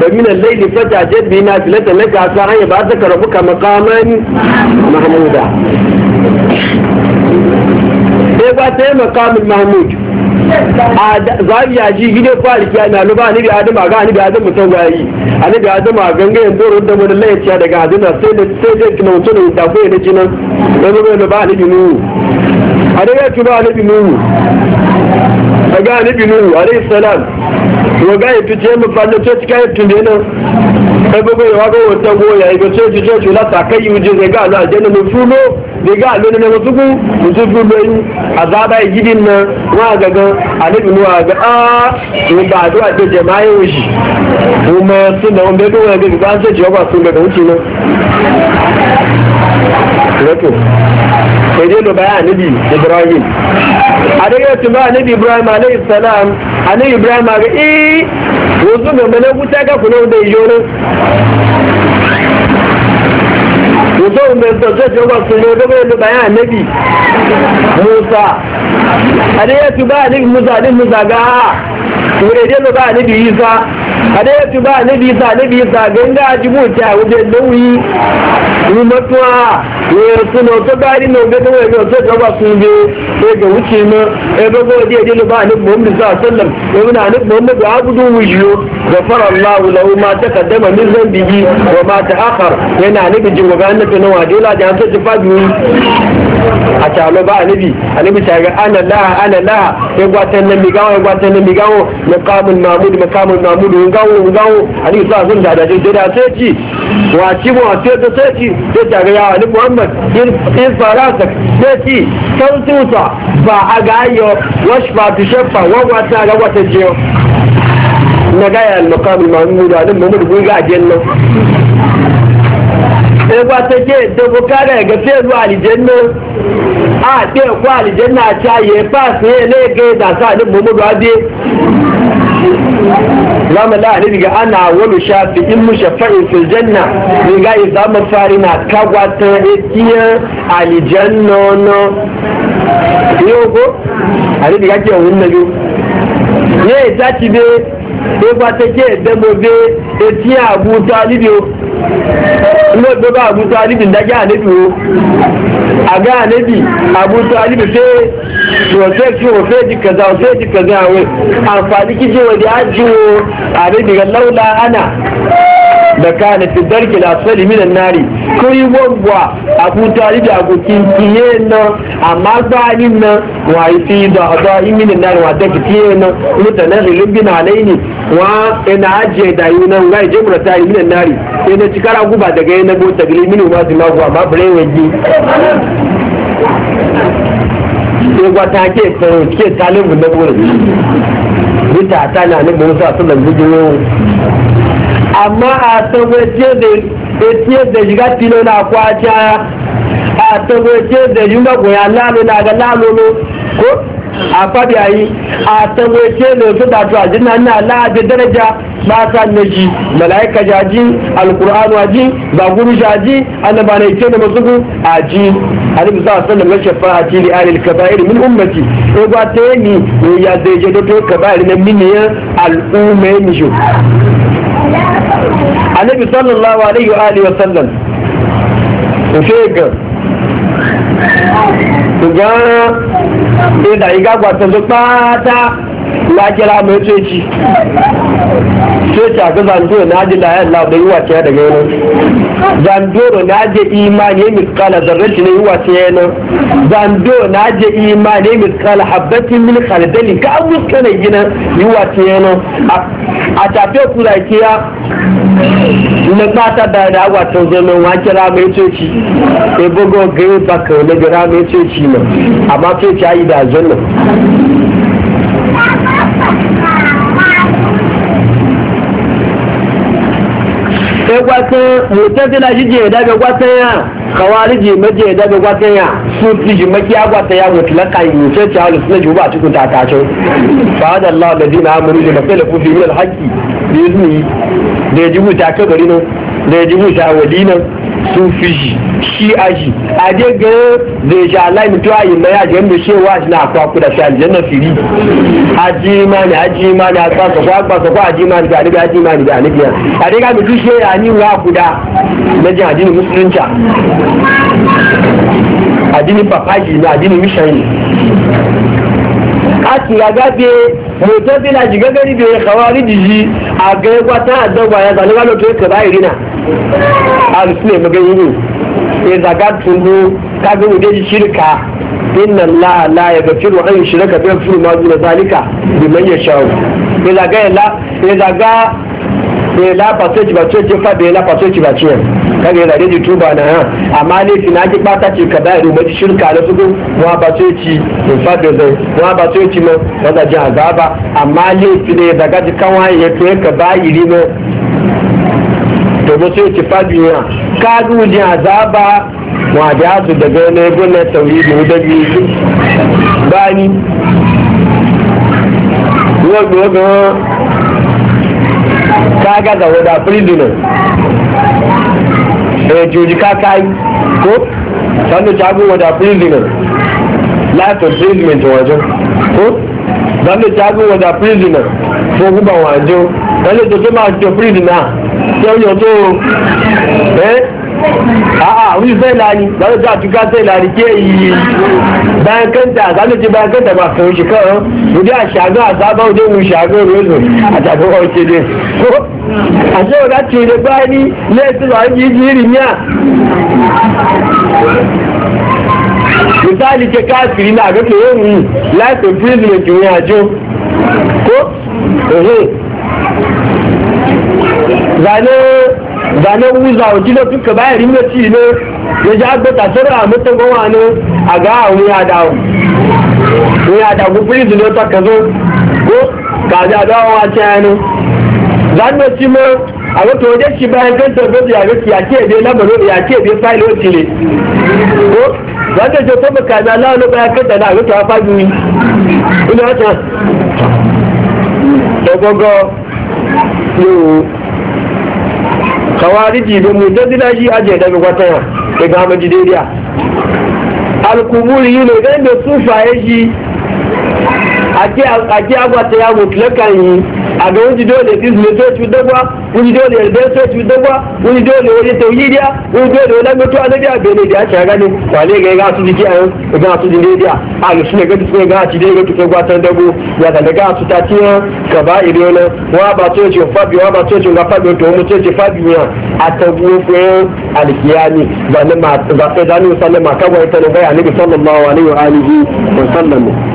فمن الليل فتعجد به نافلة لك عسى أن يبعثك ربك مقاما محمودا إيه بقى مقام المحمود zariya ji gine kwari kiya na luba ni bi adam ga ani bi adam mutum ga yi ani bi adam a ganga yin boro da mun lai ciya daga adina sai da sai da kina mutum da ko ne jinan dan ruwa luba ni bi a ada ya tuba ni bi a ga ni bi nu alayhi salam wa ga yi tuje mu fa ne, to cika yi tunde nan ẹgbogbo ìwágó òtẹ́ owó ẹ̀yà ìgbẹ̀ tí ó jíjọ́ jù látàkẹ́ yìí ojú rẹ̀gá náà jẹ́ nínú fúló rẹ̀gá lónìí nínú túkú ojú fúló yìí àzábá na wọ́n àgẹ̀gẹ̀ àdébìnú àgbẹ̀ áá ìgbà àdúrà tó jẹ máa mo mọ sí na wọn bẹ́ẹ̀ wọn ẹgbẹ́ bá ń tẹ̀jọ́ ọgbà tó gbẹ̀gbẹ̀ ń ti lọ. èdè ló bá níbi ibrahim adéyẹ tó bá níbi ibrahim aleyhi salam aleyhi ibrahim àgbẹ̀ ii mutum mai tsoce ce su ne gaba yadda bayan annabi musa a da ya fi ba musa musa ga a wuri dai ba annabi isa ada ya tuba sa isa anabi sa ganga ajibu ta wuje lawi ni matuwa ne suno to bari no be to wego to to ba sun be e ga wuce mu e ba go je je ba anabi muhammad sallallahu alaihi wasallam e mun anabi muhammad abudu wujiyo ghafara allah lahu ma taqaddama min zambihi wa ma ta'akhkhar yana e anabi jin ga annabi no wa dole da ta jifa biyu a talo ba anabi anabi ta ga ana la ana la e gwatan nan mi gawo e gwatan nan mi gawo maqamul mamud maqamul mamud gawo gawo ani sa sun da da dai da sai ci wa ci mu sai da sai ci sai ta ga ya ni muhammad in in farasa sai ci sautusa ba a ga yo washfa tu shafa wa wa ta ga wata je na ga ya al-maqam al-mahmud alim mahmud gun ga ajenna e ba ta ke da bukara ga sai zuwa aljanna a ɗe kwa aljanna ta ye ba su yi ne ga da sa ni mu mu gade zama la ni diga ana wani shafi mu shafa'in na kagwata ikiyar e aljanna no yau ko a ni diga ke na biyu ne ya ci be e ko ba ilé ìgbé bá àbútọ́ alíbì dájá ànébì o àgá ànébì àbútọ́ alìbì pé protect wọn fẹ́ di kaza wọn fẹ́ di kẹta àwọn àǹfààní kí jẹ́ wọ́n di ájú o àbẹ́bì rẹ̀ lọ́wọ́lá ánà da kana fi darki da asali minan nari kuri wangwa ti yé abokin kiye nan amma gbanin nan wọ́n àyè fi a minan nari wa ta ki fiye nan mutanen wa ina ajiye da yi nan ga je murata yi minan nari sai na cikara guba daga yana go tagli minu ma su lagu amma bare wani sai gwa ta ke tsaro ke talibu na gurin bita ta na ni musa su nan bujo amma a san wace da wace da shiga tilo na kwacha a san wace da yunga goya lalo na ga lalo ko afabi ayi a ce ne su da a ajina na na da daraja ba sa ne ji malaika jaji a ji ba guru jaji annaba ne ce da musugu aji ali musa sallallahu alaihi shafa'ati li ahli al-kaba'ir min ummati ko ba ta ni ya da je da to kaba'ir na miniyan al'umma ni jo annabi sallallahu alaihi wa alihi wa sallam ko ga ga ìdà ìgágbà tọ̀dọ̀ pátá na lakira mai tsoci tsoci a ga zandoro na ji layan lau da wace ya daga yanar zandoro na ji imani mai kala zarraci na wace ya yanar zandoro na ji imani mai kala habbatin min khaladalin ka an muskana gina wace ya yanar a tafiya kula kiya na kata da da watan zama wa wakira mai tsoci ebogo gari baka na gara mai tsoci ma amma tsoci a yi da zanen kan mutazila shi je da ga gwatan ya khawariji maje da ga ji makiya gwatan ya mutlaka yi sai ta halu juba ta ce fa da Allah da dina amuru da kafala ku fi min alhaqi da izni da ta kabari nan da mu ta wadi nan sufiji shi aji a dai ga zai sha Allah mutu ayi mai aji wanda shi wa shi na akwa kuda shi aljanna fili aji mani aji mani a kwa kwa kwa kwa aji mani ga ni aji mani ga ni a dai ga mutu shi ya ni wa kuda na jin addinin musulunci addinin papaji na addinin mishani ga agabe moto bila jigagari be a diji agegwa ta adogwa ya zaliwa lo to ke ba irina alusule magayi ne ya zaga tunu kaga wajen shirka inna allaha la yaghfiru an yushraka bihi wa yaghfiru ma duna zalika liman yasha'u ya zaga la ya zaga ya la pato ci bato ci fa ya la pato ci bato kaga ya zage ji tuba na ha amma ne fi na ji bata ce ka da ruwa ji shirka da su wa bato ci in fa da zai wa bato ci ma wanda ji azaba amma ne fi ne zaga ji kawai ya to ka ba iri ma tobo sai ki fadi ya kadu ji azaba wa da su daga ne gona tauhidi da biyu bani wogo wogo kaga da wada prisoner eh ka kai ko sanu jago wada prisoner life imprisonment wajen ko sanu jago wada prisoner ko guba wajen wani da jama'a da prisoner yau yau to lani lani bani laifin ba an yi jirin ko zane zane wuza wajen da duka bayan rimar ci ne ya ji agbe tasiri a mutum ne a ga a wuya da wuya da gufuri zuwa ta ka zo ko ka ji a dawo a ci hannu zane ci ma a wata wajen ci bayan ganta gozu ya rufi ya ke bai labarin ya ke bai fayil wacce ne ko zane ce ta muka na lalo bayan ta na rufi ya fagi wi ina wata gogo kawariji da mutazila shi aje daga wata yau da gama jideriya alkumuri ne ganin da sufaye shi ake agwata ya mutlakan yi aga wunji dole izini to ci dagwa wunji dole yarda to ci dagwa wunji dole waje tauhidiya wunji dole wala mutu annabi a bene da ya gani ne ga ga su jiki ayo ga su jiki dia a ga su ga su ga ci dai ga tuke gwatan dago ya da ga su ta ci ka ba ire ne wa ba to ci fabi wa ba to ci ga fabi to mu to ci fabi ya a tabu ko alkiyami ga ne ma ga sai da ne sallama kawai ta ne bai annabi sallallahu alaihi wa alihi wa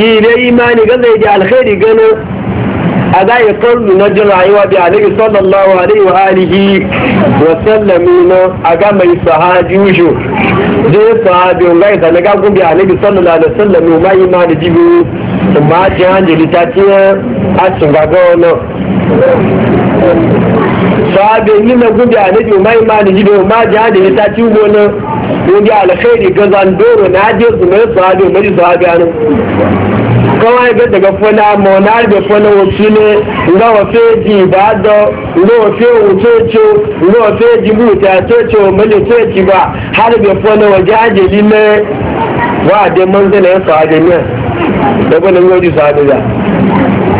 yi na imani ga zai da alkhairi ganin a za ya kallu na jin rayuwa bi alaihi sallallahu alaihi wa alihi wa sallami na a ga mai sahabi yushu da ya sahabi yunga ya zane ga gubi alaihi sallallahu alaihi wa ma yi ma da ma ji hanjali ta ce a cin gaga wani sahabi yi na gubi alaihi ma yi ma da jibi ma ji hanjali ta ci wani wanda alkhairi ga zandoro na je su mai sahabi mai sahabi an kawai ga daga fana monar da fana wakile nga wafe ji ba da nga wafe wucece nga wafe ji buta cece wa mali cece ba har da fana waje ajali ne wa da manzana ya sahabi ne da bane ngodi sahabi da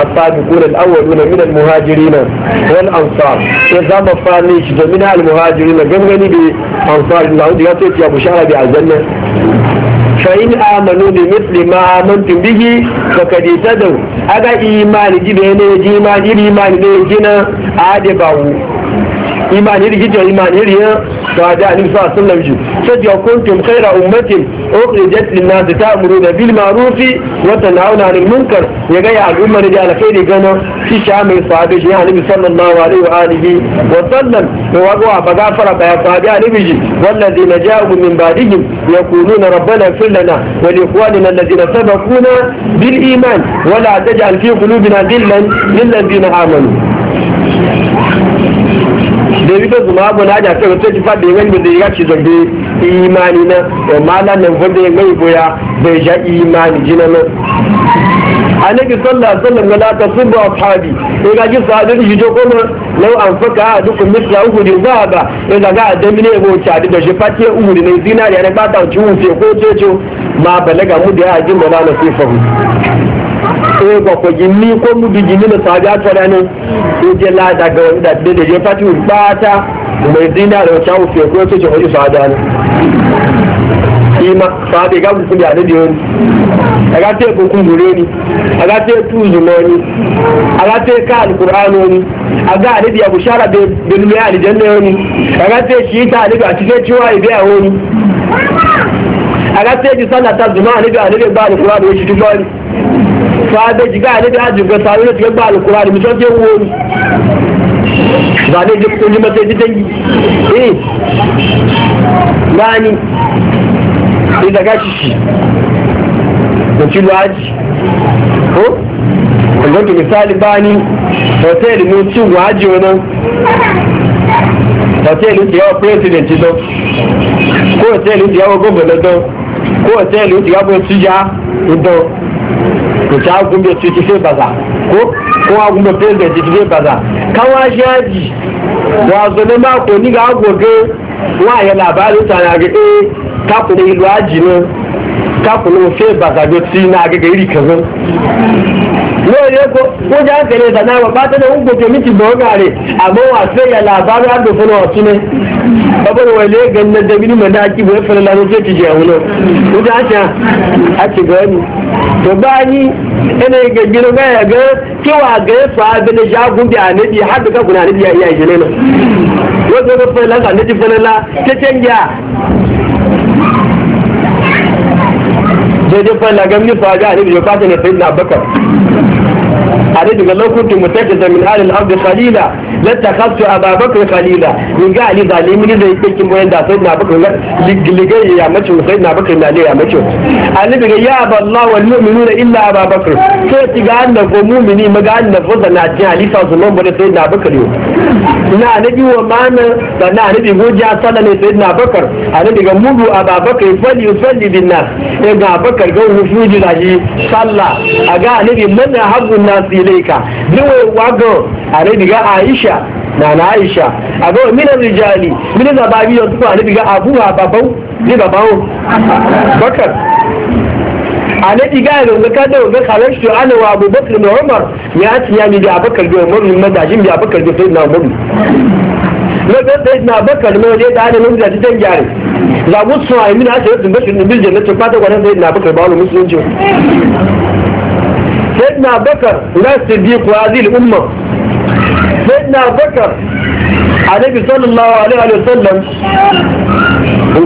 السابقون الأولون من المهاجرين والأنصار إذا ما فانيش من المهاجرين جمعني ansar ibn Mas'ud ya ce ya bushara bi aljanna fa in amanu bi mithli ma amantum bihi faqad tadaw aga imani ji da ne ji imani iri imani da ji ade bawo إيمان يرجع إيمان يرجع بعد أن يفعل صلى الله عليه وسلم كنتم خير أمة أخرجت للناس تأمرون بالمعروف وتنعون عن المنكر يقول يا أمة رجال خير قنا في شام الصحابة يعني صلى الله عليه وآله وسلم وقوع بغافر بها صحابة يعني والذين جاءوا من بعدهم يقولون ربنا اغفر لنا ولإخواننا الذين سبقونا بالإيمان ولا تجعل في قلوبنا ذلا للذين آمنوا da bi zuma bu na da tsoro sai fa da yayin da ya ci zambe imani na wa mala nan wanda ya mai boya bai ja imani jina nan annabi sallallahu alaihi wasallam la tasubbu ashabi sai ga ji sahabin shi ko lau an faka duk misla uku din za ga sai ga ga adami ne go ta da shi fatiye uku ne zinariya ne ba ta ciwo ko ce ma balaga mu da ya ji mala nasifahu e ba ko jinni ko mudu jinni da saja tara ne ko je la daga wani da da je fati bata mai dinda da wata ufe ko to je hoji saja ne ima sabe ga ku da ne dio aga te ko kun gure ni aga te tu zumo ni aga te ka alqur'ano ni aga ne dia bushara be bin me aljanna ni aga te shi ta ne ga tike ciwa ibe a woni aga te ji zuma ne ga ba shi sahabeji ga ne da ajin ga sahabeji da gba alkurani mutum ke wuri ba ne duk kun ji matsayi ji dangi eh nani sai daga shi shi da ci lwaji ko kuma ki misali bani hotel mu ci ti yawo president don ko hotel ti yawo governor don ko hotel ti yawo tija don to ta gumbe ciki baza ko ko a gumbe pese ciki baza kawa shaji wa zo ne ni ga goge wa ya labarin ta na ga eh ka ku ne luwaji ne baza do ti na ga iri kazan yau ne ko ko da na ba ta da ungo ke miki dogare amma wa sai ya labarin da fulo ne babar wale ganin da bini mai daki bai fara lamu sai ta jiya wuna wuta ta a ci gani to ba ni ina yi gaggino ga ya ga cewa ga ya fa abin da na jagun a nadi har da guna nadi ya iya yi na wanda ba fara lamu nadi fara la ta canja sai dai fara gamni fara ga anabi ya fata ne sai na bakar anabi ga lokacin mutakita min alil da khalila لاتخذت أبا بكر خليلا من قال لي ظالمني زي تكيم وين دا سيدنا بكر لقي يا مچو سيدنا بكر لي يا مچو قال لي يا أبا الله والمؤمنون إلا أبا بكر كيف قال لك مؤمني ما قال لك فضل ناجي علي فاظلون بني سيدنا بكر يو na nabi wa mana da na nabi goja sallan ne sayyidina bakar a nabi ga mudu ababakar fali yusalli bin nas ya ga bakar ga hufuji da shi sallah a ga nabi man habbu nas ilayka ni anabi ga aisha na na aisha ago min rijali min zababi don tuwa anabi ga abu ha babau ni babau bakar anabi ga ga ga kada ga kharashtu ana wa abu bakr da umar ya ci ya mi da abakar da umar min madajin da abakar da sayyidina umar na ga sayyidina abakar ne da da nan da dan gyare la musu ay min ha sayyidina bashir bil jannati fata wa sayyidina abakar ba musulunci sayyidina abakar la siddiq wa azil ummah sayyidina bakar annabi sallallahu alaihi wa sallam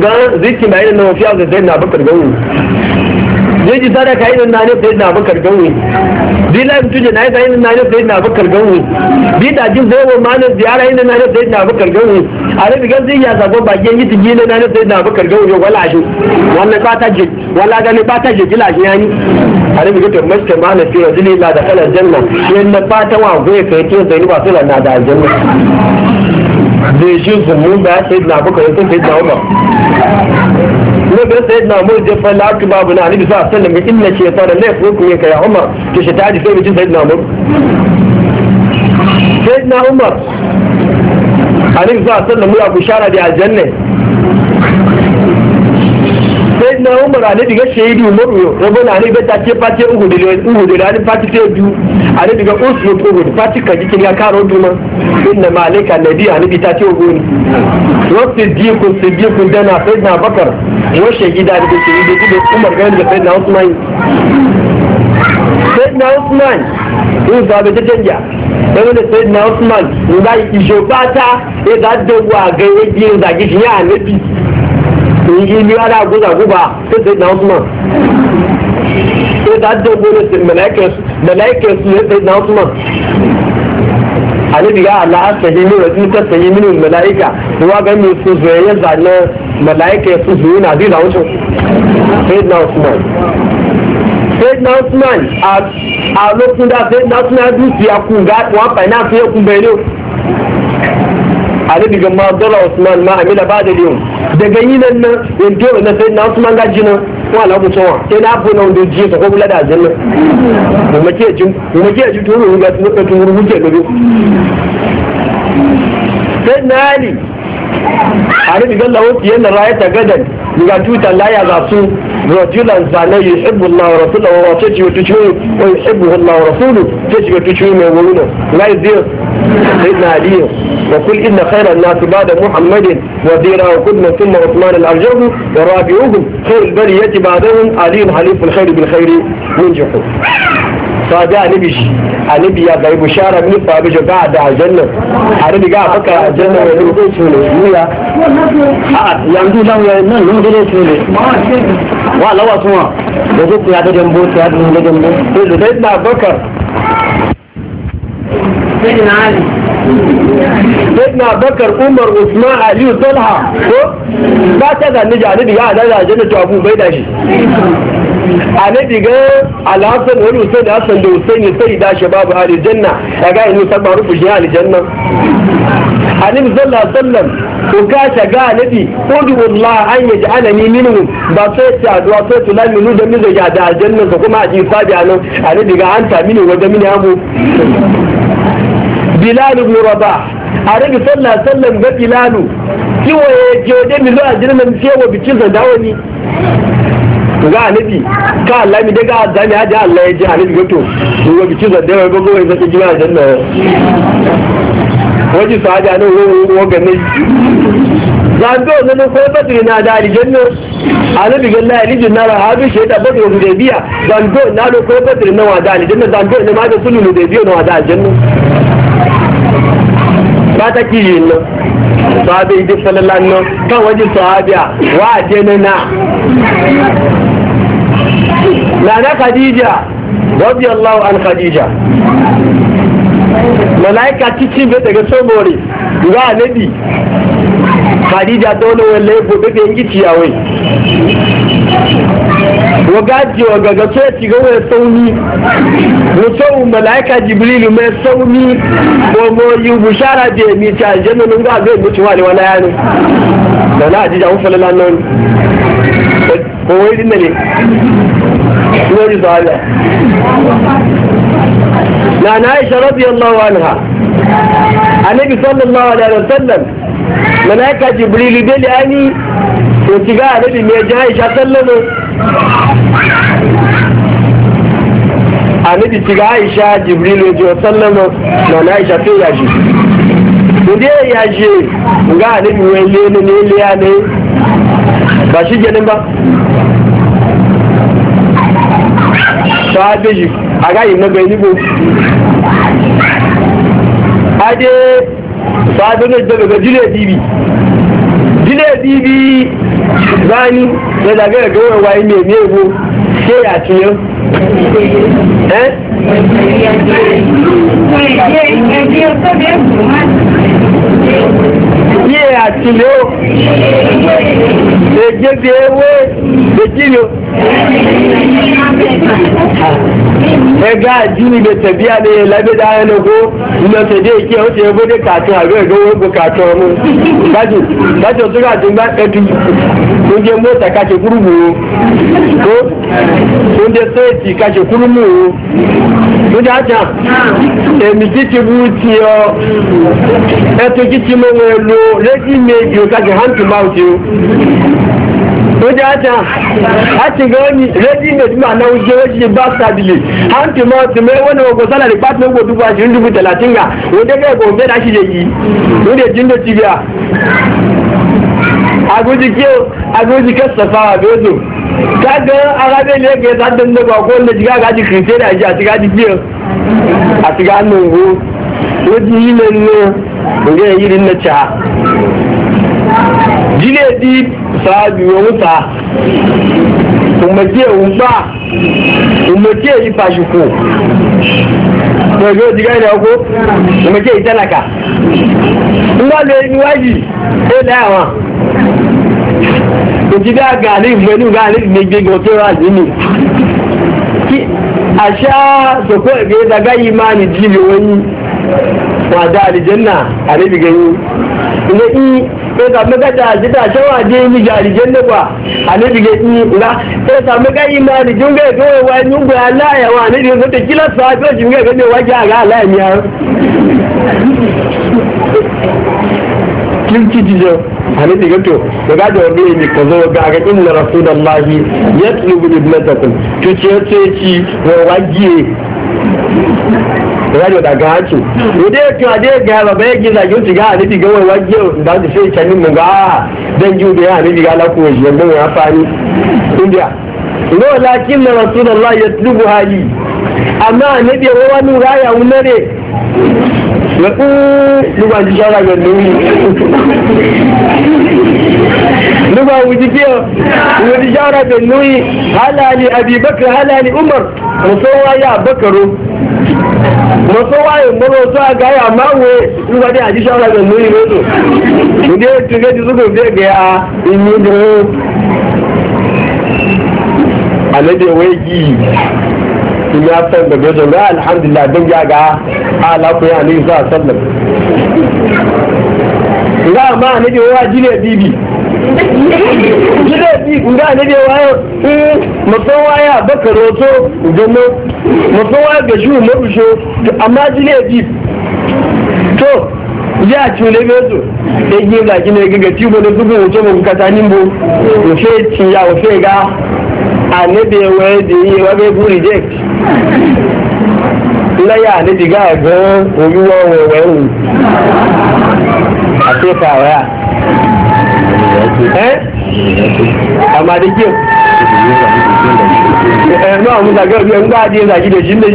ga zikin bayan nan wafiya da sayyidina bakar gawo zai ji sadaka irin na ne sai na bakar bi la mutu na yi ne sai na bakar bi da jin zai wa ziyara ya sabo yi wala shi wannan ba je wala gani ba ta je gila shi yani a rabi ta sai la da kala janna na fata wa goye kai ke ba na da janna zai shi ba sai na bakar na gobe sai na umar je fa la tu babu na annabi sallallahu alaihi wasallam inna shaytana la yafuku minka umar to shi ta ji sai miji sayyidina umar sayyidina umar annabi sallallahu alaihi wasallam ya bushara da aljanna sai na umar ale diga shaidu maruyo rabo na ale beta ce fati uhudele uhudele ale fati te du ale diga usu uhud fati ka jikin ya karo duma inna ma alaika nabi ale bita ce uhuni se diku sidiku dana sai na bakar wa shaida da shaidu da umar ganin da sai na usman sai na usman in zabe ta canja ẹgbẹ́ lè na usman nígbà ìṣòpá ta ẹ̀dá dẹ̀wọ̀ àgẹ̀wé bí ẹ̀dá gidi ní àlébì èyí ni alágbèdàgbèbà tètè náà mọ̀ tètè àdéhùn ní ti mẹlẹ́kẹ̀ sùn tètè náà mọ̀ àlebi yà àlà àtẹ̀yẹ mi rẹ̀ tún tẹ̀sẹ̀yẹ mi ní mẹlẹ́kà ni wọ́n bẹ́ẹ̀ mi sùn sùn ẹ̀yẹ zànà mẹlẹ́kẹ̀ sùn sùn ní àbí ìlànà sùn tètè náà mọ̀ sayyidina usman a lokacin da sayyidina usman ya zuciya ga wa faina sai ya kun bayyana ali ga ma dola usman ma amila ba da liyun daga yi nan nan yanzu yau na sai na usman ga jina ko ala ku tsawa sai na abu na wanda ji ta ko bula da ajin nan kuma ke jin kuma ke to ruwa ga turu da ruwa muke gado sai na ali alibi ga wuti yana rayata gadan ga tuta laya za su rajulan zane yi hibbu Allah wa rasulahu wa tajibu tujuhu wa yuhibbu Allah wa rasuluhu tajibu tujuhu mai wuri na zai سيدنا علي وكل إن خير الناس بعد محمد وزيرا وكل من ثم عثمان الأرجب ورابعهم خير البلية بعدهم علي حليف الخير بالخير ينجحوا فادا نبيش علي يا بي بشارة من فابجو بعد الجنة علي بقى فكا الجنة آه، ونبي تسولي يا يمدو لهم يا إنا نمدو لسولي والله أسمع بزيت يا دجنبو يا دجنبو يا دجنبو يا دجنبو sayyidina ali sayyidina bakar umar usman aliyu talha ko ba ta zanni janibi ya da janna to abu bai da shi annabi ga alhassan wani usaini hassan da usaini sai da shi babu aljanna ya ga inu sabba rufu shi aljanna annabi sallallahu alaihi wasallam ko ka shaga annabi udu allah an yaj'alani minhum ba sai ta duwa sai to lan minu da miza ya da aljanna ko kuma a ji fadi anan annabi ga an ta mini wajen mini abu bilal ibn rabah annabi sallallahu alaihi wasallam ga bilal kiwo ya je da mizo a jirnan cewa bikin sa dawo ni ga annabi ka Allah mi daga azami haji Allah ya ji annabi gato wa bikin sa dawo ba gowa sai ji ma janna waji sahaja ne wo wo ganne zambe wannan ko badri na da aljanna annabi galla alijin na rahabi shi da badri hudaybiya zambe na ko badri na wa da aljanna zambe na ma da sunu hudaybiya na wa da aljanna pàtàkì yìí lọ sọ́ábẹ́ ìdí fẹ́lẹ́lá náà káwọn jí sọ́ábẹ́ à wa a jẹ́ nínú à. Nana Khadija, Rabbi allahu an Khadija. Malaika titi bai daga sobori, a anabi. Khadija dole wale gobe da yanki ciyawai. wagaji wagaga so wani sauni mutum mala'ika jibrilu mai sauni ko moyi bushara da mi ta ga zai mutu wani wani yana da na ajiyar an falala nan ko wai dinna ne ji zuwa na na aisha sallallahu alaihi wasallam mala'ika jibrilu ani to ki ga annabi mai ji aisha sallama annabi ki ga aisha jibril ji sallama na na aisha to ya ji inda ya ji ga annabi wai le ne ne le ya ne ba shi kenan ba sahabeji a gayin na bai nigo ade sahabeji daga jile dibi jile zani da daga ga eh? wai wai me me go ya ci yau eh ye àti ẹgbẹ́ àjíní lè tẹ̀bí àlẹ́ lábẹ́dá ẹnugó ìlọ́sẹ̀ dé ìkí ọ̀sẹ̀ ẹgbẹ́dẹ́ kàtún àbẹ́ ìgbówó gbò kàtún ọmọ gbájú gbájú tó kàtún gbá ẹtù oúnjẹ mọ́tà kàṣẹ kúrú mú o ko oúnjẹ sẹ́ẹ̀tì kàṣẹ kúrú mú o oúnjẹ àjà èmi títí bú ti ọ ẹtù títí mọ́ wọn lo lẹ́sìn méjì hantu ma hàn wajen ajan ati gani reji ne jima na ba ti ga da shi yi jin ko wanda jiga gaji da ji a ji a na di sáájú ohun ta òmèké òun gbà òmèké yìí pàṣùkò pẹ̀lú òjìká ilẹ̀ ọkọ́ òmèké yìí tẹ́lẹ̀kà ńlọ́lẹ̀ níwájì ilẹ̀ àwọn òjìdá gàálì ìfẹ́lú gàálì ìgbẹ́gbẹ́ tó rà nínú àṣà sọ̀kọ́ ẹ̀gbẹ́ ìdàgbà yìí máa nìjí ìwé wọ́n yìí wọ́n àdá àlìjẹ́ náà àríbìgẹ́yìn nga i e ta maka ta ji ta shawa je ni jari jende kwa ani dige i nga e ta maka i ma ni junga to wa nyungu ala ya wa ni dige to kila sa to jinga ga ne wa ja ga ala ni ya kirki jijo ani dige to da ga jawabi ne ka zo ga ga inna rasulullahi yatlubu ibnatakum to ce ce ci wa wajiye ìwádìí ọ̀dà gan àtù òde ètò àdé ga bàbá yẹn gíga yóò ti ga àníbi gan wọn da ìdájú sí ìtẹnu mun ga. dẹ́jú obìnrin àníbi ga alákùn òṣìṣẹ́ gbọ́n wọn afárí india lọ́wọ́ láti N'o lakin na yẹ tulubu hali àmọ́ àníbi ẹ̀wọ́ wá ní ráyà ń mẹ́rẹ̀ lọ́kùn nígbà jíjọ́ ara yẹ̀ lórí nuba wujibiyo wujijara ga nuyi halali Abibakar, halali umar rasuwa ya bakaro mọ́tò wáyé mọ́tò tó àgáyé àmáwé nígbàdí àjíṣẹ́ ọ̀rọ̀ ẹ̀gbẹ̀ lórí lótò ìdí ètò ìgbẹ́ tuntun kò dé gẹ́ a ìní dúró àlejò ìwé yìí ìní afẹ́ gbẹ̀gbẹ̀ tó gbẹ́ alihamdulilayi tó gbẹ́ àgá alákùnrin àníyàn sọ́ọ̀sọ́lẹ̀. ìgbà a àlejò ìwé wájú gida bi guda ne da wayo mutum waya baka roto gano mutum waya ga shi mabusho amma jile bi to ya ci ne ga su da yi ga gina ga ga cibo da zugun wuce mu kasa nimbo wuce ci ya wuce ga a ne da waye da yi wa ga bu reject lẹ́yà níbi gáà gan-an olúwọ́ wẹ̀wẹ̀ wù àti ìfà rẹ̀ à. eh amma da ke ẹ̀rọ àwọn ìgbàgbọ́ bí ẹgbẹ́ àdí ẹ̀rọ jí lè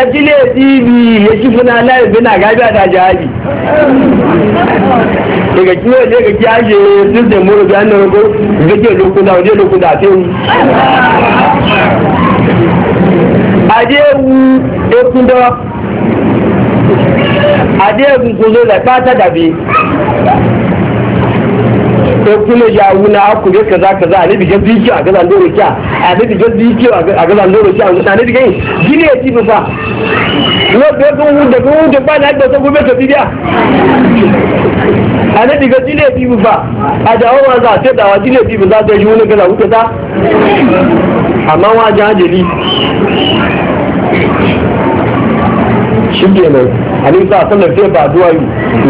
àjílẹ̀ ibi fún àjẹ́ àdéhùn ekúndọ́ àdéhùn kòzó rẹ̀ pátá dàbí ekúnlẹ̀ yàwó náà kòrò kaza kaza àníbìjẹ́ bíkí àgázà lórí kíà àníbìjẹ́ bíkí àgázà lórí kíà àníbìjẹ́ yìí gílé ètí fífa lọ́gbẹ́ tó wú dẹ̀ tó wú dẹ̀ báyìí láti ọ̀sán gbogbo ètò bídíà àníbìjẹ́ gílé ètí fífa àjàwọ́ wọn sà àti ẹ̀dàwà gílé ètí fífa tẹ̀jú wọn ní kaza wúkẹ́ta àmọ́ wọn ajá ń jeli. shi kenan abin sa sanar sai ba yi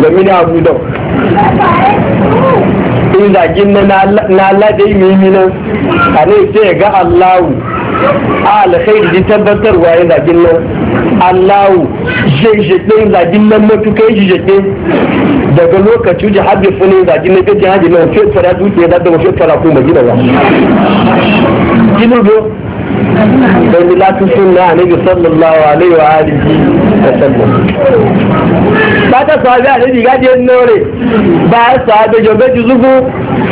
da mini abu da in zagin na na mini nan a ne sai ga allahu a alkhairi ji tabbatarwa ya zagin nan allahu jejjeɗe zagin nan matuka jejjeɗe daga lokacin ji hajji funin zagin na gajin hajji nan fetara dutse ya da da fetara kuma gina ba gina بيد الله تنسون النبي صلى الله عليه وآله وسلم بعد صحابي النبي قد ينوري بعد صحابي جو بجذبوا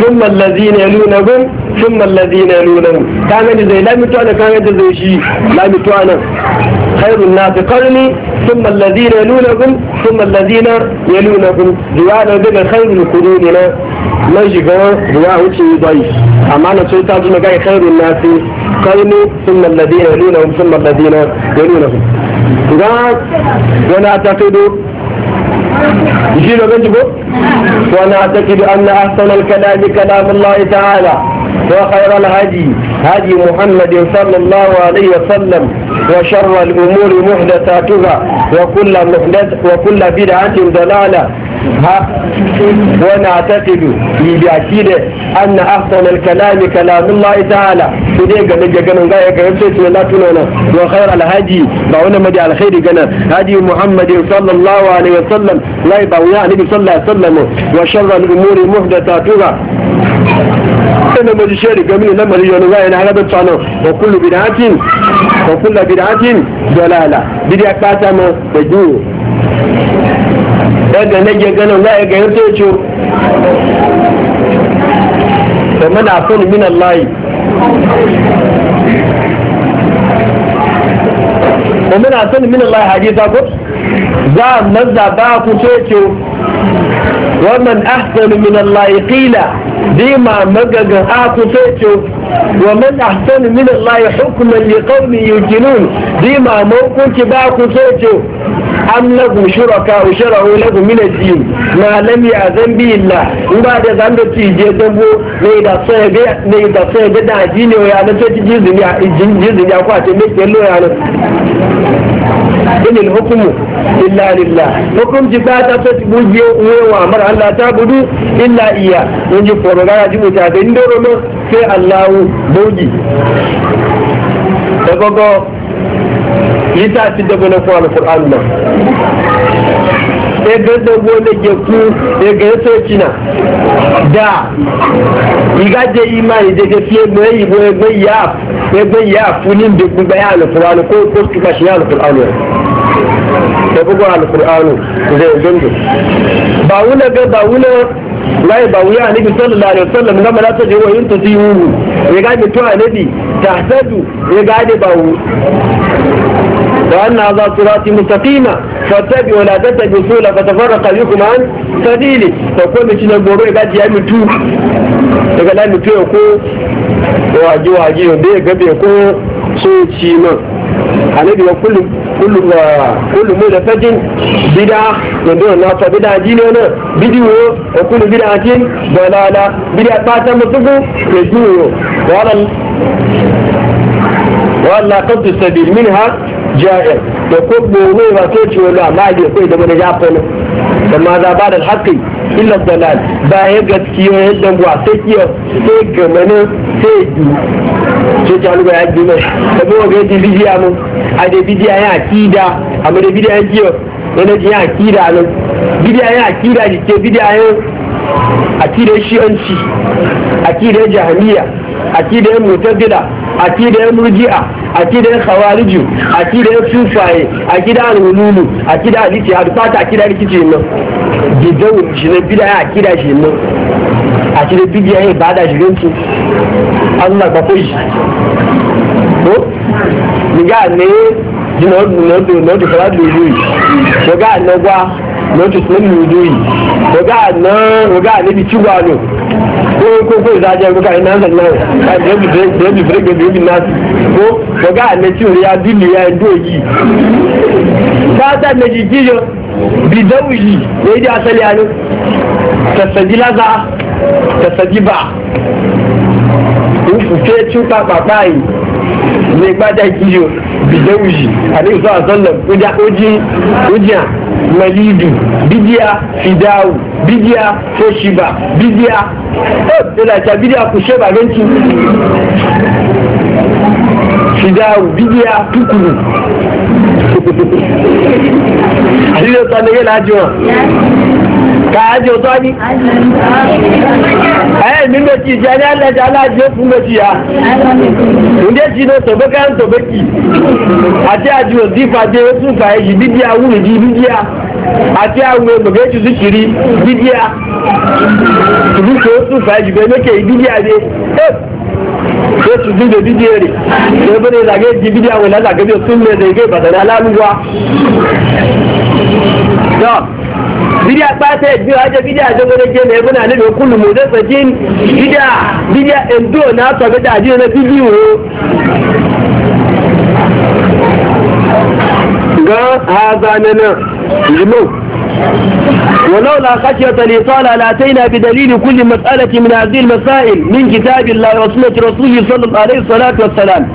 ثم الذين يلونهم ثم الذين يلونهم كان جزي لا متوانا كان جزي شيء لا متوانا خير الناس قرني ثم الذين يلونهم ثم الذين يلونهم ديانا بين خير القرون لا يجي كمان ديانا وشي ضعيف أما أنا سويتها جمع خير الناس القوم ثم الذين يلونهم ثم الذين يلونهم قال ونعتقد يجيلوا بنجبوا ونعتقد أن أحسن الكلام كلام الله تعالى وخير الهدي هدي محمد صلى الله عليه وسلم وشر الأمور محدثاتها وكل محدث وكل بدعة ضلالة ونعتقد بأكيد أن أحسن الكلام كلام الله تعالى إذا قد لك قال لك قال الله لا تنونا وخير الهدي بعونا مدي على خير جنا هدي محمد صلى الله عليه وسلم لا يبعونا النبي صلى الله عليه وسلم وشر الأمور محدثاتها أنا ما تشارك من لما يجون غاين على بطانه وكل بدعة وكل بدعة دلالة بدي أكتم بدو هذا nage ganin غاي a ga da mana afon min Allah wa muna son min Allah hadisa ko za mazza ba ku ce wa ahsanu min Allah qila dima magaga a ku ce wa man ahsanu min Allah hukman li qaumin yuqinun dima mawkuki am lahum shuraka ushara'u lahum min ad-din ma lam ya'zan bi illa in ba da zan da ci je dambo ne da sai ga ne da sai ga da addini ya na sai ji zuniya jin zuniya ko a ce me ke loya ne in al-hukmu illa lillah hukum ji ba ta sai buje wa mar Allah ta budu illa iya in ji ko ga ji buta da indoro sai Allahu bogi da gogo yasa ci dabo na kuma alƙur'an nan sai ga dabo da ke ku sai ga yaso na da yi je yi je ga fiye mai yi boye bai ya bai bai ya funin da kun ya alƙur'an ko ko ki kashi ya alƙur'an ne da bugu alƙur'an zai ba wuna ga ba wuna gai ba wuya annabi sallallahu alaihi wasallam na mala ta jiwa yin tasihu ya ga mutu ta sadu ya ga ba wu da anna za surati mustaqima fatabi wala tatabi sula fatafarraqa bikum an sabili to ko mi cinan goro ya ga ya mutu daga la mutu ko waje waje be gabe ko so ci nan annabi wa kullum kullu kullu fajin bid'a yanda na fa bid'a jine na bidiyo wa kullu bid'atin dalala bid'a ta ta mutugo ke juyo wala wala qad sabil minha ja'ir da ko boro ba to ce la ma ajiye kai da mana jafa ne ma za ba da haƙƙi illa dalal ba ya gaskiya yadda wa sai kiyo sai gamanin fèèdì tí ó ti alúgbà yá jùlọ ẹgbẹ́ wọn gẹ́gẹ́ ti bídí àmú àti bídí ayé àkídà àmọ́dé bídí ayé jíọ̀ lọ́dọ̀ ti yá àkídà lọ bídí da àkídà ti tẹ bídí ayé àkídà ṣíọ́ǹtì àkídà jahaniya àkídà mùtẹ́bílà àkídà murji'a àkídà khawariju àkídà sufaye àkídà alùmùlù àkídà àdìsí àdùpátà àkídà àdìsí ṣe mọ́ jìdẹ́wò ṣe mọ́ bídí ayé àkídà shi mọ́ àti lè bíbí ẹyìn ìbáàdà jù lóòtú ọdún àgbàpọ̀ yìí ó nígbà ní lọ́dún lọ́dún fọlá lòlú yìí lọ́gà ànágbá lọ́dún tó lòlú yìí lọ́gà àná lọ́gà níbi tí wà lò ko ko ko da je ko ka ina san lawo ka je bi je bi fere ke bi na ko ko ga ne ti ori adi ni ya ndo yi ta ta ne ji ji yo bi dawi tẹ̀sẹ̀jì lázà tẹ̀sẹ̀jì bà nfufe tuta papa yi ne gbada kiyo bidawuji ale zuwa sallam kuda oji ojiya malidu bidiya fidawu bidiya foshiba bidiya eh ila ta bidiya ku sheba ganci fidawu bidiya tukuru Àdílé ọ̀tá ni yẹ́ lájú wọn. kàájì ó tọ́ ní ẹ̀yẹ́ mi méjì jẹ́ ní alẹ́jà aláàjì ó fún méjì ya ǹdé jí ló ń tòbé àti àjò òdì ó tún fà èyí bíbí awúrò jí bíbí a àti àwọn ègbègbè jù sí kiri bíbí a ìlú tó tún fà èyí bẹ́ẹ̀ bíbí a dé yóò tún dídè dídè rè ṣé bẹ́ẹ̀ ni ìlàgé jí bíbí àwọn ìlànà àgbẹ̀bí ó tún lè dè ìgbé bidiya ɓata ya hajji don wani da kullum mu tsakin endo na na bidiyo ga haza na limon ولولا خشية الإيصال لأتينا بدليل كل مسألة من هذه المسائل من كتاب الله وسنة رسوله صلى الله عليه الصلاة والسلام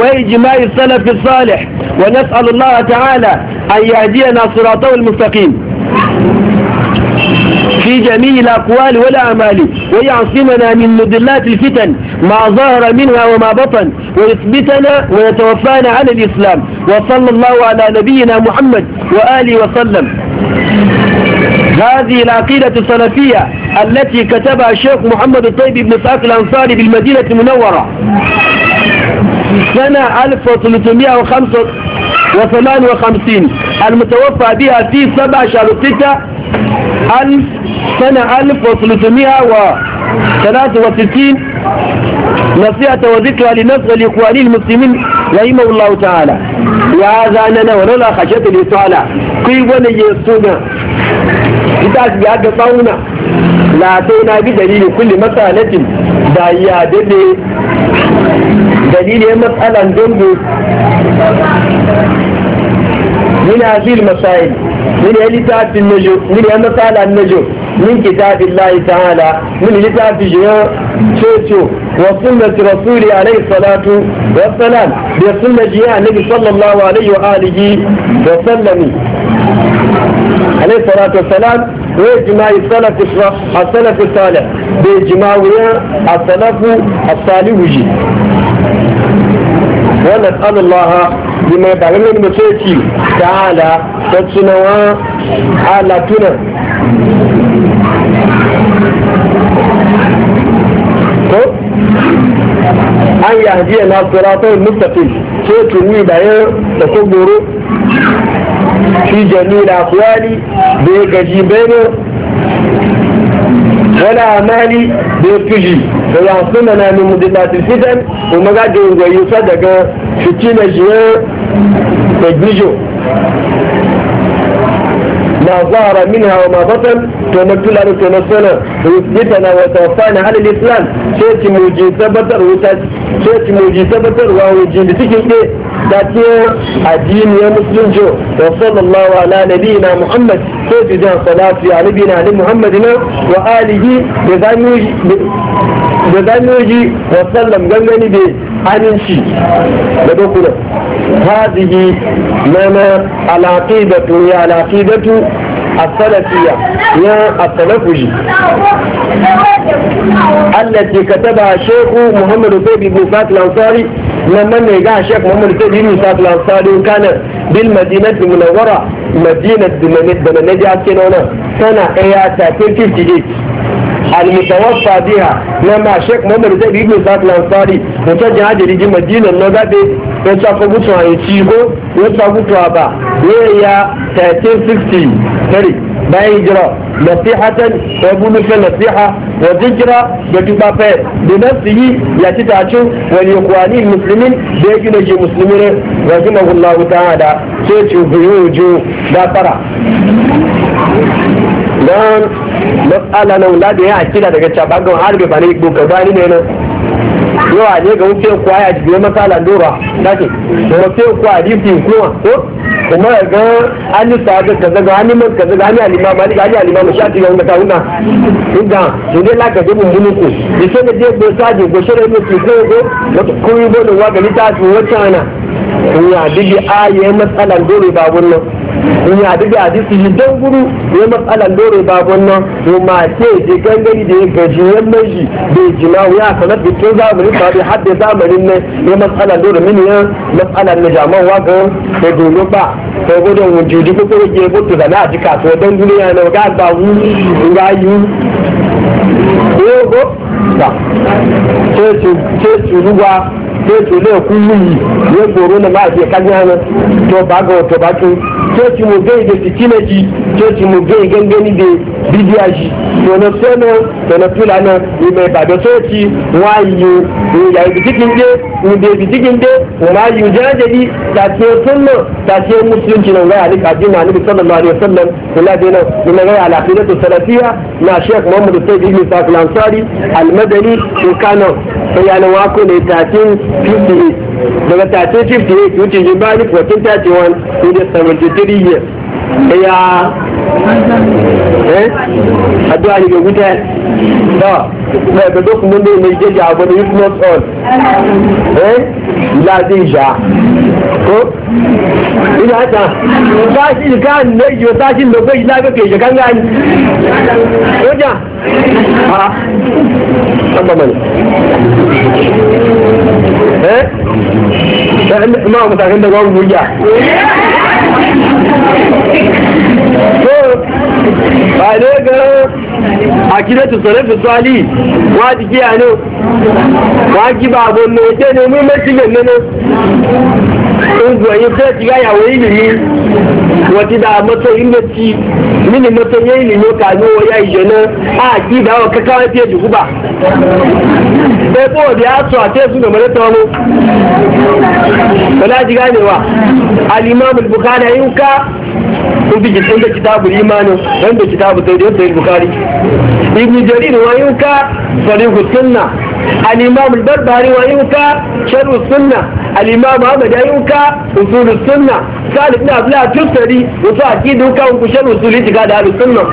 وإجماع السلف الصالح ونسأل الله تعالى أن يهدينا صراطه المستقيم في جميع الأقوال والأعمال ويعصمنا من مضلات الفتن ما ظهر منها وما بطن ويثبتنا ويتوفانا على الإسلام وصلى الله على نبينا محمد وآله وسلم هذه العقيدة السلفية التي كتبها الشيخ محمد الطيب بن اسحاق الأنصاري بالمدينة المنورة سنة 1358 المتوفى بها في 7 شهر 6 ألف سنة 1363 نصيحة وذكرى لنصر الإخوان المسلمين رحمه الله تعالى يا زاننا ولولا خشية الإصالة كي وني يسونا كتاب يا قصونا لا تينا بدليل كل مسألة دايا دلي دليل مسألة دنبو من هذه المسائل من هذه المسألة النجو من هذه المسألة النجو من كتاب الله تعالى من كتاب شوشو وسنة رسول عليه الصلاة والسلام بسنة جياء النبي صلى الله عليه وآله وسلم عليه الصلاة والسلام وإجماع السلف السلف الصالح بإجماع السلف الصالح جي ونسأل الله بما يبعلم من تعالى تتسنوا على تنا ko an yi hajiyar na suratar mustafin ke tuni da yin da ko goro jami da kuwali da ya gaji benin wani amali da ya fuji da ya suna na mai mudilatin fitan kuma ga da yin daga fitina jiyar da gijo ما ظهر منها وما بطن تومتلا تومتلا ويثبتنا وتوفانا على الإسلام شيء موجي بطر وتاج شيء موجي بطر ووجي بسكين إيه داتيا الدين يا مسلم جو وصلى الله على نبينا محمد سيد جان صلاة على نبينا محمد وآله بذنوجي بذنوجي وسلم جنجني بأنشي بدوكنا هذه لنا العقيدة هي العقيدة السلفية يا السلفي التي كتبها الشيخ محمد طيب بن فات الأنصاري لما نجا الشيخ محمد طيب بن فات الأنصاري كان بالمدينة المنورة مدينة بن نجا كنا سنة 1958 al almutawaffa biha na ma shek muhammad zai ibn sa'd al-ansari mutum jihadi ji madina na gabe ya sa ko gutu a yi ko ya sa gutu a ba ya ya 1360 tare bayan hijira nasihatan wa bunu fi nasiha wa zikra da tuba fa da nafsihi ya ci tacin wa liqwani muslimin da yake da muslimin rahimahullahu ta'ala sai ci biyo jo da fara dan matsala na wula da ya akida daga caba ga har bai bane goka bani ne nan yawa ne ga wuce kuwa ya jibe matsala dora dake da wuce kuwa a difi kuma ko kuma ga an yi sa ga kaza ga hannu man kaza ga hannu alima ba ga hannu alima ma sha ti ga wata wuna inda to dai laka ga mun ku ni sai da dai go saje go shere ne ki ko go ko yi bo da wa ga su wata ana na ya bibi aye matsalan dore ba wannan in ya duk a hadisi yi don guru ya matsala lori babon nan ko ma ce je gangari da ya gaji ya maji da ya jima ya sanar da tun zamanin ba da hadda zamanin ne ya matsalar lori mini ya matsala na jaman waka da domin ba ko gudun wujudu ko kuma ke gudu da na jika to don gudu ya na ga ba wu ga yi ko ko ce ce ruwa sai ce zai kulli ya tsoro na ma a ce kan yana to ba ga to ba mu gai da fitina ji sai ci mu gai gangani da bidiya ji to na sono to na tula na ni ba da sai ci wayi ni ya yi cikin de ni da bi cikin de kuma yi jajali ta ce sunna ta ce musulunci nan ga alika dina ni sallallahu alaihi wasallam kula da nan ni ga alaqidatu salafiyya na sheikh muhammad sayyid ibn sa'd al-ansari al sai ya nan wako ne 1358 daga 1358 wuce ji bani 1431 to da 73 years ya eh addu'a ne ga guda da da ga duk mun ne ne jeje abu ne if on eh la deja ko ina ta ba shi ka ne yo ta shi lo bai la ke ga ga ni oja ha amma man eh ma mu ta kan da gwamnati ya so ba ne ga akidatu salafu salih wa dikiya ne wa ki ba bon ne ke ne mu mai cikin ne unguwanyi sai shiga yawon ilimi wata da matsayin da ci mini matsayin ilimi kano wa ya ije nan a ki da wa kaka kawai fiye jiku ba sai kowa da ya so ta da mara tawo wala ji ganewa al-imamul bukhari ayyuka kun bi jikin da kitabu imanin wanda kitabu sai da yadda bukari ibn jarir wa ayyuka sarihu sunna الإمام البربري وينكا شر السنة الإمام أحمد ينكا أصول السنة سالف بن أبلا تسري وتأكيد ينكا أنكو شر أصول اتقاد أهل السنة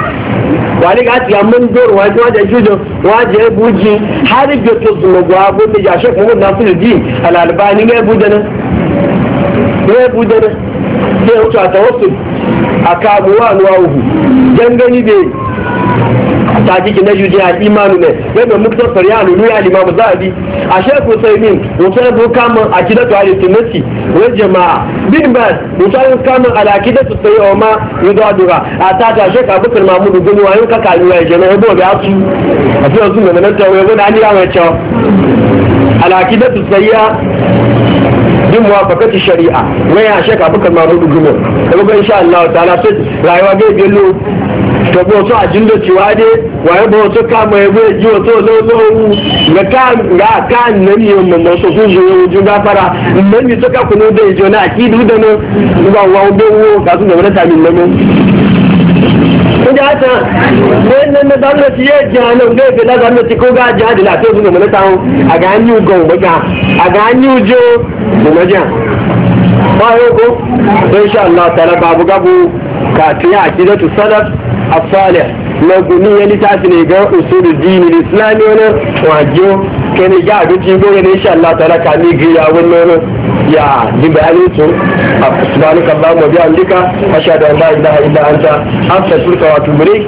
wani ka tiya mun dor wa ji wajen jujo waje buji har da to su mu gwa bu da jashe na su ji al albani ne bu da ne tajiki na a imanu ne yadda muka san fariya a lulluwa limamu za a bi a shekku sai min min a kida tuwa yake nasi wai jama'a bin ba musa ya buka min alaki da sai oma yadda dura a ta ta shekku a bukar mamudu gani wa kaka yi wa yake na yabo da su a fiye su mai nanta wai wani aliyu mai kyau alaki da su sai ya yin wa fakati shari'a wai ya shekku a bukar mamudu gani wa yau insha Allah ta'ala sai rayuwa bai biyu tọ́gbọ́ tó àjíǹdò tí wá dé wàá bọ́ tó kàmọ́ ẹgbẹ́ ìjì ò tó lọ́wọ́ nga ká nẹ́ni mọ̀mọ́ tó fún ìjọ ojú bá fara nẹ́ni tó kàkùn ní ìjọ náà kí ìdí dáná nígbà wà ó bẹ́ wó kàtún ìjọba náà tàbí lọ́mọ́. Oúnjẹ àtà ní ẹnẹ́mẹ́ bá lọ sí yé jẹ́ àná ní èdè lágbà ní ti kó gá jẹ́ àdìlà tó fún ìjọba náà táwọn àgá ní ugọ̀ ògbẹ́gà àgá ní ujó ògbẹ́gà. Báyọ̀ kó, insha Allah tààlà bàbá gábù kàtí àti lẹ́tù sádàtù الصالح na guniya littafi ne ga usulu dini islami wani wajo kai ne ya abinci gore ne insha Allah ta'ala ka ni giya wannan ya ji bayanin su subhanaka allahumma bihamdika ashhadu an la ilaha illa anta astaghfiruka wa atubu ilayk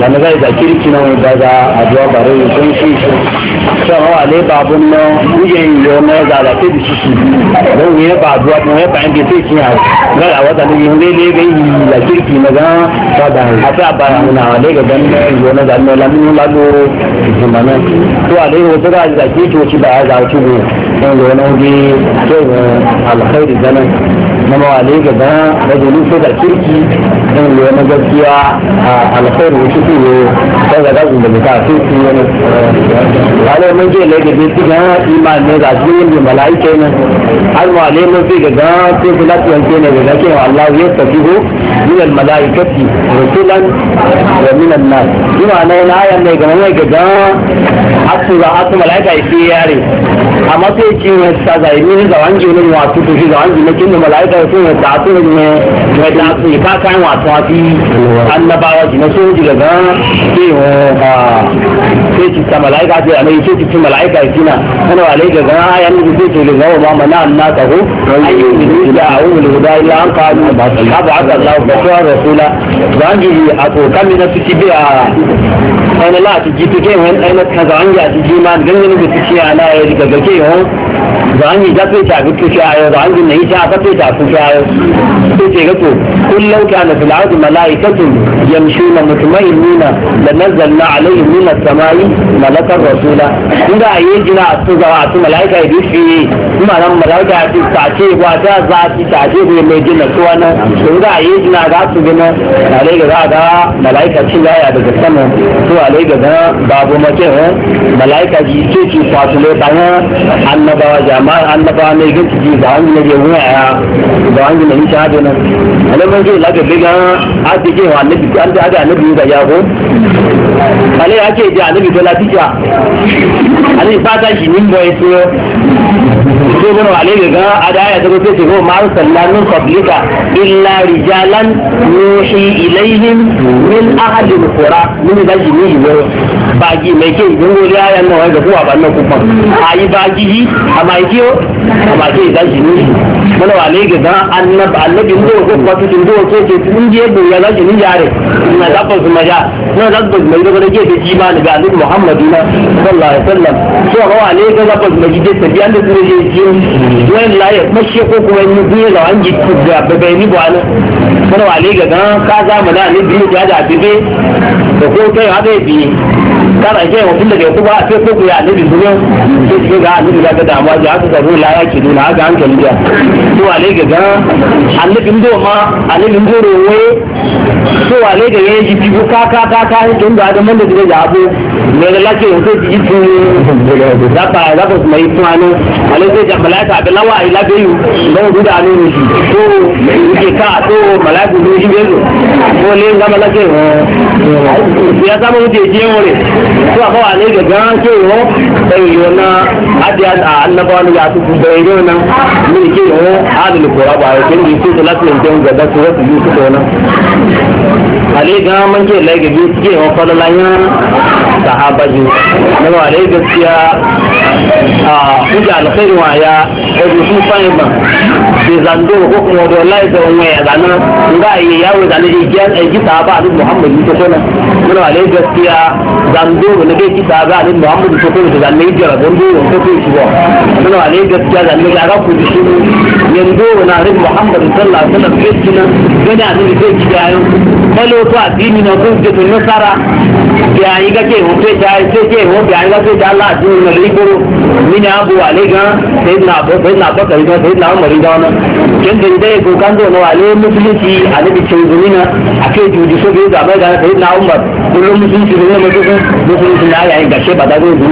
zane zai da kirki na wani daga aduwa bare yi sun fi shan wa ne babun na wuye yi yau na za da fi su su don wuye ba aduwa kuma ya fahimta sai kin ya ga a wata ne yau lele ga yi da kirki na ga a ta ba ya muna wa ne ga gan na yi na zane na lamin lalo zumanan to a ne yau ta ga da kirki wuce ba ya za a ne don yau na wuye to alkhairi zanen نموالي جدا رجل سيدا تركي من اللي نجد فيها على خير وشكي وفيدا رجل بمتاع تركي يعني على من جي لك بيتي جدا إيمان نيد عزين بملائي كينا هل موالي مزي جدا تركي لاتي هنكينا جدا كي الله يستطيعه من الملائكة رسولا ومن الناس جمع نينا آية نيد جدا جدا حسنا حسنا ملائكة إسي ياري أما تيجي نستاذ أيمين زوانجي ونمواتي تشي زوانجي لكن ملائكة da sun wata a tsohon ne mai da su ne kaka yin wasu wafi annabawa ji na soji daga kewa sai ci ta mala'ika ce alai sai ci ci mala'ika ya tina wani alai daga ya nufi sai ci daga wa mama na anna ta ko ayyu bi dunya a'u bil huda illa an qalu ba ta ba aka Allah ba ta rasula zangi a to kamin na su ci bi a ana la ci ji to ke wani ana kaza an ya ji ma ganin ne ci ana ya daga ke ho zangi da ta ta bi to ci ayo zangi ne ta ka ta ta shawo sai ce gato kullum kana fil ardi malaikatun yamshuna mutma'innina la nazzalna alaihim min as-samai malakan rasula kun ga ayi jira a cikin zawa a cikin malaika ya dushi kuma nan malaika ya dushi ta ce ba ta za ta ta ce ne mai jin natsuwa nan kun ga ayi jira ga su gina alai ga ga malaika cin ya daga sama to alai ga babu mace malaika ji ce ci fasule bayan annabawa jama'a annabawa ne gaci ji da hanyar yawa bawangi na insha hadu nan alaman zai laga biga ake ke wa annabi ko anda aga annabi ga yago ale ake ji annabi to lafiya ale fata shi nin boy so so mun ale ga ada ya zama sai ko ma sallallahu qablika illa rijalan nuhi ilaihim min ahli alqura min da ji ni ne baji mai ke dungo ya yan nan ga kuwa ban nan kuma ayi baji amma kiyo ga annab annabin da wato wato din da wato ke tun je bu ya zaki ni yare na da fa kuma ya na da ba mai da ke da imani ga annabi muhammadu na sallallahu alaihi wasallam so ga wa ne ga da ba mai da ta biyan da ne je ji wai la ya mashi ko ko ni ne da an ji ku da ba bai ni ba mọ́nà wà lẹ́yìn gàgán káàzá mọ̀nà níbi ìjà àjà àbíbí òkú bi abẹ́ ìbí kára ìjẹ́ ìwọ̀n fún lẹ́yìn òkúba àti òkúkú yà níbi ìdúró tó ti gbéga níbi ìjà gẹ́gẹ́ àwọn àjọ àti sọ̀rọ̀ láyà kìlú náà gà ń kẹ̀lú bíà tó wà lẹ́yìn gàgán àlebi ń dòma bi ń dòrò wé tó wà lẹ́yìn gàgán yẹn ti fi kákákáká tó ń dò lọ́dọ̀ láti òun tó jíjí tu lápá lápò tó mọ̀yì fún anú àlejò ìjà mọ̀láyàtà àbẹ̀ láwà ìlábẹ́yù lọ́wọ́ dúdà anú rẹ̀ jù tó ìjẹ ká tó mọ̀láyàtà ló yí bẹ́ẹ̀ lò fún ilé ń gbámọ́ lọ́kẹ́ wọn. ìyá sábà ń tẹ̀ díẹ̀ wọn rẹ̀ tó àbáwá ní gẹ̀gẹ́rán kí wọn ẹ̀yìn yóò ná adé anábọ́ ní yàtú bẹ̀rẹ̀ yóò ná mí kí wọn á lè kóra bàrẹ̀ kí ní kí láti lè jẹun gẹ̀gẹ́ tó wọ́n ti yí kúkọ̀ náà. àlejò àwọn ọmọ ń kí ẹ̀ lẹ́gẹ̀ẹ́ bí kí wọn kọ́ lọ́la yẹn sahabaju na wale gaskiya a alkhairu wa ya ɗazu su ba zando ko kuma wadda wallahi da wani ya zana yi zane muhammadu ta gaskiya zando na bai kisa muhammadu ta zane a zando gaskiya zane shi yanzu na muhammadu sallallahu alaihi wasallam gani a zai kiyayen malo to addini na kun ke tun nasara bi ayi ga ke hote ta ce ke ho bi ayi ga ce da Allah addini na ri goro min abu ale ga sai na ba sai na ba kai ga sai na mari ga na kin din dai ko kan do no ale musulunci ale kullum sun shi ne mutu sun mutu sun na yayin gashe ba da gudu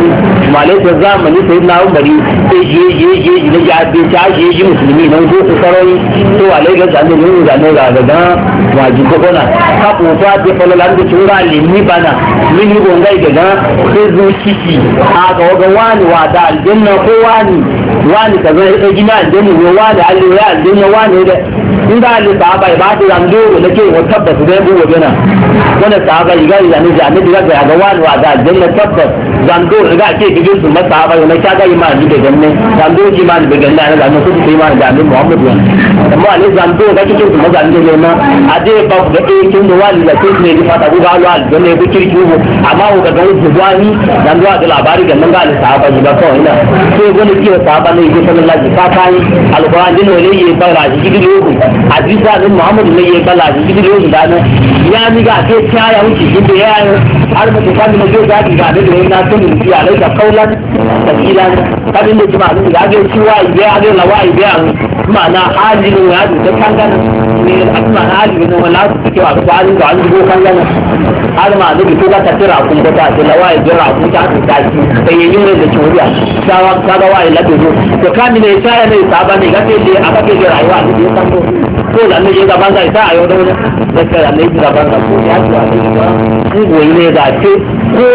malai ta zamani sai na umari sai je je je je ya bi ta je je musulmi nan ko su sarai to alai ga zanu mun zanu ga ga waji ko bona ka ko ta de fala lan da tura limi bana min gongai ga ga sai zuci a ga ga wani wa da aljanna ko wani wani kaza ya ɗaji ne wani allo ya wani da in ga allo ta bai ba ta zan doro ke wata tabbas zai buwa gana wani ta bai ga ya ne ga ne ga ga wani wa ga aljanna tabbas zando ga ke bidin su masa ba yana ka ga imani da ganne zando ji imani da ganne ana zando su imani da annabi Muhammad wa amma ne zando ga kike su masa da ganne ade ba ku da eh kin da wali da kin ne da fata ku ga wali ganne ku kirki ku amma ku ga ga su wani zando ga labari ganne ga da sahaba ji ba kawai na sai gani kiyo sahaba ne ji sallallahu alaihi wasallam alquran din ne yi ba la ji gidi ku hadisi da Muhammad ne yi ba la ji gidi ku da ya ni ga ke tsaya wuce gidi ya har mace ta nuna zai zaɓi ga da yana ta nufi a rai da kaulan da filan kadin da jima'a da ya zai ciwa ibe a zai lawa ibe a ma'ana halin ya zai ta kan gana ne a ma'ana halin wani lasu suke wasu halin da an zubo kan gana har ma da ka ta tira kun ta da lawai jira kun ta ta ki sai yayi ne da curiya sawa ka ga wai to kami ne sai ne saba ne gabe da aka ke rayuwa da ya san ko da ne ya ban sai ta ayo da wani da ka ne ya ban da ko ya ta ko ne da ce ko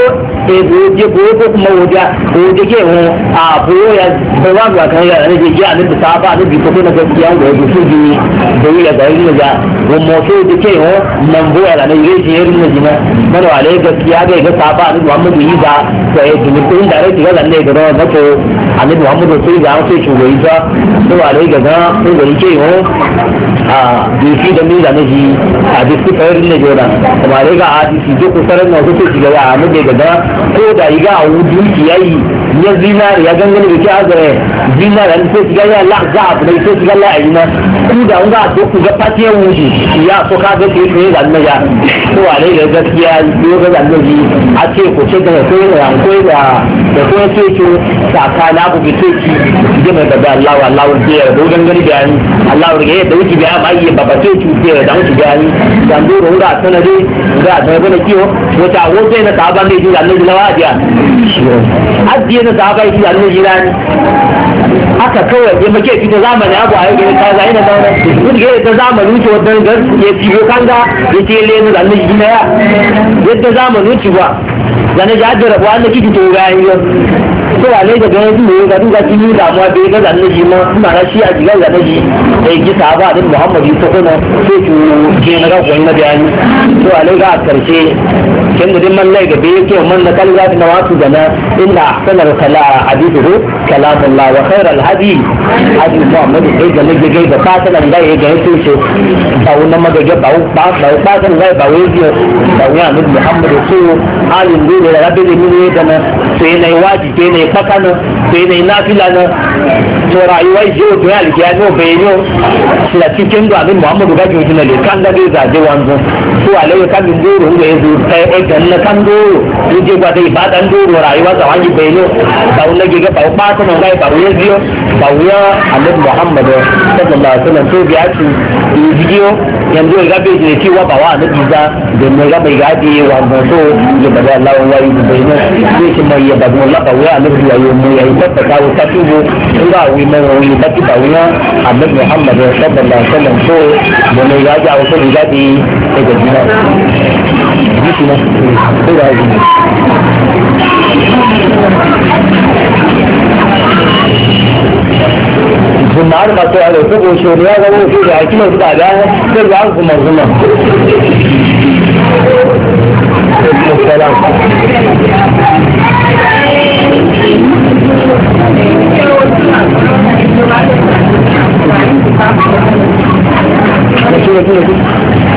e boje boye ko kuma woja boje ke ho a boye ya ko wa ga kan ya ne je ya ne ta ba ne bi ko na ga ya ga ji su ji da ya ga ni ga ko mo so de ke ho man bo ya ne ye je ne ji na na wale ga ya ga ga ta ba ne wa mu yi ba ko e ni ko inda re ti ga ne ga ro ko annabi muhammadu sai ga sai shugabi sa sai wa dai gaga sai gari ke ho a duki da mila na ji a diski fayar ne jona kuma da yi ga a diski duk kusarar na sai shiga ya da gaza ko da yi ga a wudu ki ya yi ya zinari ya gangane da ke azare zinari an sai shiga ya la za a fudai sai shiga la na ku da an a duk ku ga fatiyar wuce ya so ka ga ke ne da annabi ya a da yi ga gaskiya ko ga annabi a ce ko ce da sai da ko da ce ko sai ku sakana abu bi sai ki jima da da Allah Allah ke ya do gangani da ni Allah ke da wuce biya ba yi baba sai ki ke da wuce biya ni dan do ro da sanade da da bane kiyo ko ta wo sai na sahaba ne ji Allah jina wajiya addiye na sahaba ji Allah jina ni haka kawai ya muke fi ta zamani abu a yau ka ga ina da wani kun ga ta zamani wuce wannan gar ya ci ko kanga ya ce le ni Allah jina ya yadda zamani wuce ba zane ja da rabuwa da kike to ga yau ko wa lai daga yanzu ne ga duka kin yi damuwa be ga annabi ma ina na shi a ga annabi da yake saba da Muhammadu ta kuma ko ki ke na ga wannan da yayi to a lai ga karshe kin mun lai ga be yake mun na kalla da nawatu da na inna sanar kala hadithu كلام الله وخير الهدي هدي محمد إذا لجي جاي بقاتل أن جاي جاي توشي أو نما جاي باو باو باو قاتل جاي باو يجي محمد رسول آل نقول ربي لمن يدنا سينا يواجه سينا يفكنا bẹ̀rẹ̀ iná fílànà tọrọ àyíwá ìṣe òbí àlìkí àní òbẹ̀rẹ̀ yóò sílẹ̀ tí kí ń dùn àmì muhammadu gajù òjìnà lè kándàgé ìzàdé wọn dùn tó àlẹ́ yóò kábi dóòrò ń bẹ̀rẹ̀ zu ẹgbẹ̀rún náà kán dóòrò ló jẹ́ gbadé ìbátan dóòrò àyíwá sàwọn yìí bẹ̀rẹ̀ yóò sàwọn lẹ́gẹ̀ẹ́gẹ́ pàwọ́ pátánù ọ̀gá ìbàwọ́ yẹ́ bawuya alif muhammadu sallallahu alaihi wasallam to biya su yi bidiyo yanzu ya gabe da ke wa bawa na biza da mai gaba ya gabe wa gondo ya bada lawan wayi da bai nan zai shi mai ya bada la bawuya alif ya yi mu ya yi tabbata kawo ta tubo in ga wi mai wani ta tuba wuya alif muhammadu sallallahu alaihi to da mai ya ga wasu da gabe daga jina Thank you. ما تو على سبو شو يا غو في حكيمه بتاع ده ترجع عنكم مرضنا Thank you.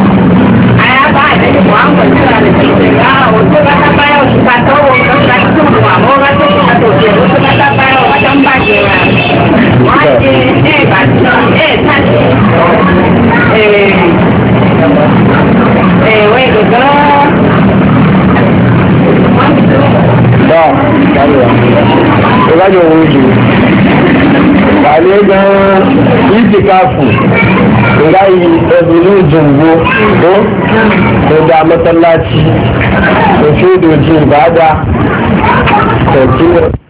人家就管我们家的亲啊，我这边上班，我管到我们这边这么多啊，我管到这我这边上班，我上班去我晚点下班，哎，他，哎，哎，喂，哥哥。ba karewa jù pàdé gan ìtìkáfù ìráyí ẹbùrú ìjòǹgbò ó kódà mọ́tọ́láàtì òfin ìdòjì ìbáadá tẹ̀síwọ̀n